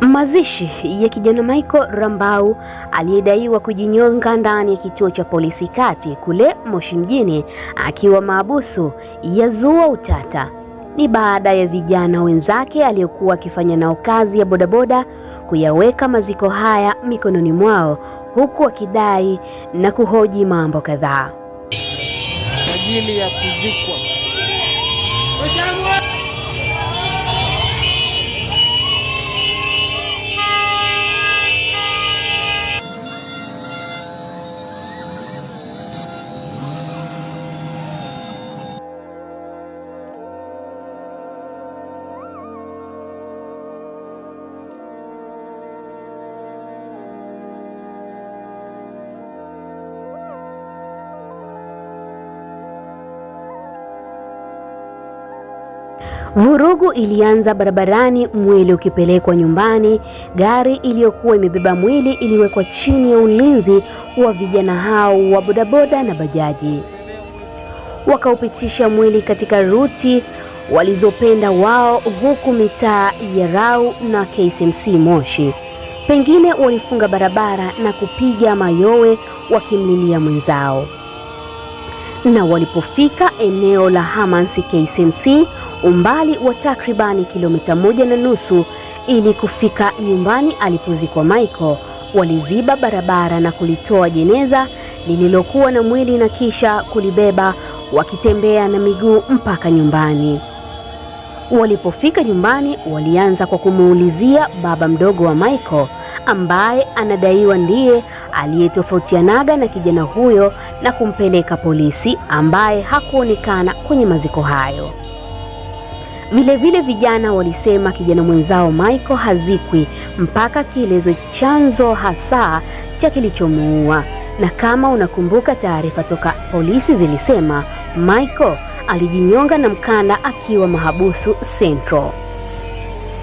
Mazishi ya kijana Michael Rambau aliyedaiwa kujinyonga ndani ya kituo cha polisi kati kule Moshi mjini akiwa maabusu yazua utata. Ni baada ya vijana wenzake aliyokuwa akifanya nao kazi ya bodaboda kuyaweka maziko haya mikononi mwao huku akidai na kuhoji mambo kadhaa. ajili ya kuzikwa. Vurugu ilianza barabarani, mwili ukipelekwa nyumbani. Gari iliyokuwa imebeba mwili iliwekwa chini ya ulinzi wa vijana hao wa bodaboda na bajaji. Wakaupitisha mwili katika ruti walizopenda wao, huku mitaa ya Rau na KCMC Moshi pengine walifunga barabara na kupiga mayowe wakimlilia mwenzao na walipofika eneo la Hamans KCMC umbali wa takribani kilomita moja na nusu ili kufika nyumbani alipozikwa Michael, waliziba barabara na kulitoa jeneza lililokuwa na mwili na kisha kulibeba wakitembea na miguu mpaka nyumbani. Walipofika nyumbani, walianza kwa kumuulizia baba mdogo wa Michael ambaye anadaiwa ndiye aliyetofautianaga na kijana huyo na kumpeleka polisi, ambaye hakuonekana kwenye maziko hayo. Vilevile vijana walisema kijana mwenzao Michael hazikwi mpaka kielezwe chanzo hasa cha kilichomuua. Na kama unakumbuka, taarifa toka polisi zilisema Michael alijinyonga na mkanda akiwa mahabusu Central.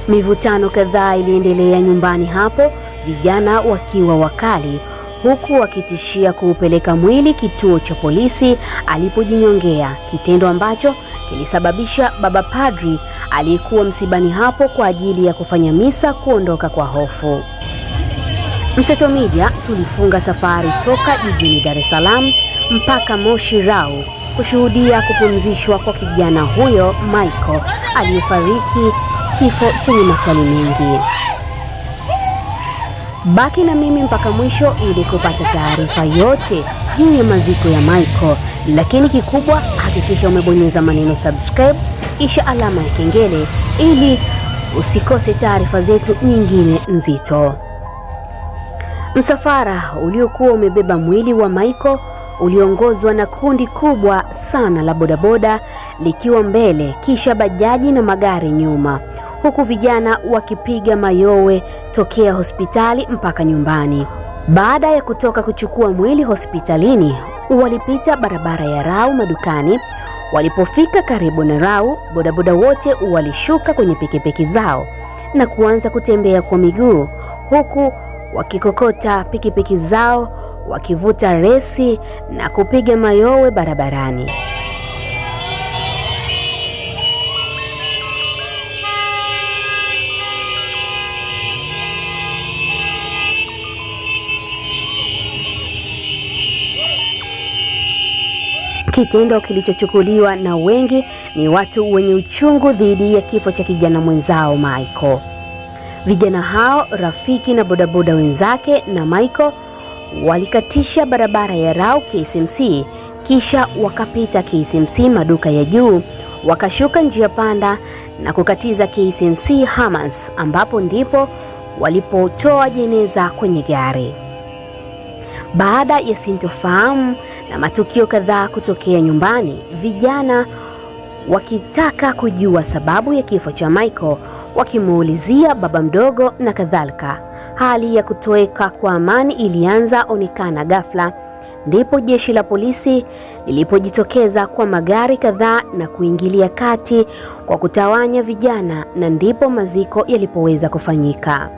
Mivutano kadhaa iliendelea nyumbani hapo, vijana wakiwa wakali huku wakitishia kuupeleka mwili kituo cha polisi alipojinyongea, kitendo ambacho kilisababisha baba padri aliyekuwa msibani hapo kwa ajili ya kufanya misa kuondoka kwa hofu. Mseto Media tulifunga safari toka jijini Dar es Salaam mpaka Moshi Rau kushuhudia kupumzishwa kwa kijana huyo Michael aliyefariki kifo chenye maswali mengi. Baki na mimi mpaka mwisho ili kupata taarifa yote juu ya maziko ya Michael, lakini kikubwa hakikisha umebonyeza maneno subscribe kisha alama ya kengele ili usikose taarifa zetu nyingine nzito. Msafara uliokuwa umebeba mwili wa Michael uliongozwa na kundi kubwa sana la bodaboda likiwa mbele, kisha bajaji na magari nyuma, huku vijana wakipiga mayowe tokea hospitali mpaka nyumbani. Baada ya kutoka kuchukua mwili hospitalini, walipita barabara ya Rau madukani. Walipofika karibu na Rau, bodaboda wote walishuka kwenye pikipiki zao na kuanza kutembea kwa miguu, huku wakikokota pikipiki zao wakivuta resi na kupiga mayowe barabarani. Kitendo kilichochukuliwa na wengi ni watu wenye uchungu dhidi ya kifo cha kijana mwenzao Michael. Vijana hao, rafiki na bodaboda wenzake na Michael walikatisha barabara ya Rau KCMC, kisha wakapita KCMC maduka ya juu, wakashuka njia panda na kukatiza KCMC Hamans, ambapo ndipo walipotoa jeneza kwenye gari. Baada ya sintofahamu na matukio kadhaa kutokea nyumbani, vijana wakitaka kujua sababu ya kifo cha Michael wakimuulizia baba mdogo na kadhalika. Hali ya kutoweka kwa Amani ilianza onekana ghafla, ndipo jeshi la polisi lilipojitokeza kwa magari kadhaa na kuingilia kati kwa kutawanya vijana, na ndipo maziko yalipoweza kufanyika.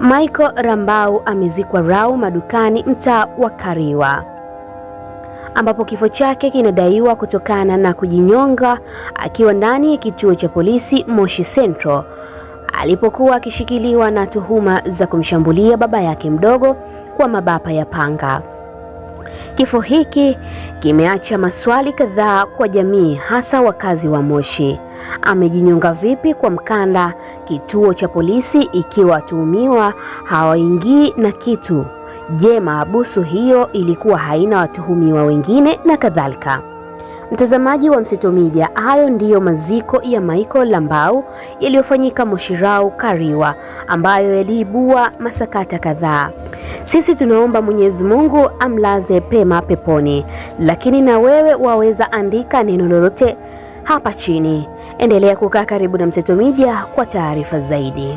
Michael Rambau amezikwa Rau Madukani, mtaa wa Kariwa ambapo kifo chake kinadaiwa kutokana na kujinyonga akiwa ndani ya kituo cha polisi Moshi Central alipokuwa akishikiliwa na tuhuma za kumshambulia baba yake mdogo kwa mabapa ya panga. Kifo hiki kimeacha maswali kadhaa kwa jamii, hasa wakazi wa Moshi. Amejinyonga vipi kwa mkanda kituo cha polisi ikiwa watuhumiwa hawaingii na kitu? Je, mahabusu hiyo ilikuwa haina watuhumiwa wengine na kadhalika. Mtazamaji wa Mseto Media, hayo ndiyo maziko ya Michael Lambau yaliyofanyika Moshirau Kariwa, ambayo yaliibua masakata kadhaa. Sisi tunaomba Mwenyezi Mungu amlaze pema peponi, lakini na wewe waweza andika neno lolote hapa chini. Endelea kukaa karibu na Mseto Media kwa taarifa zaidi.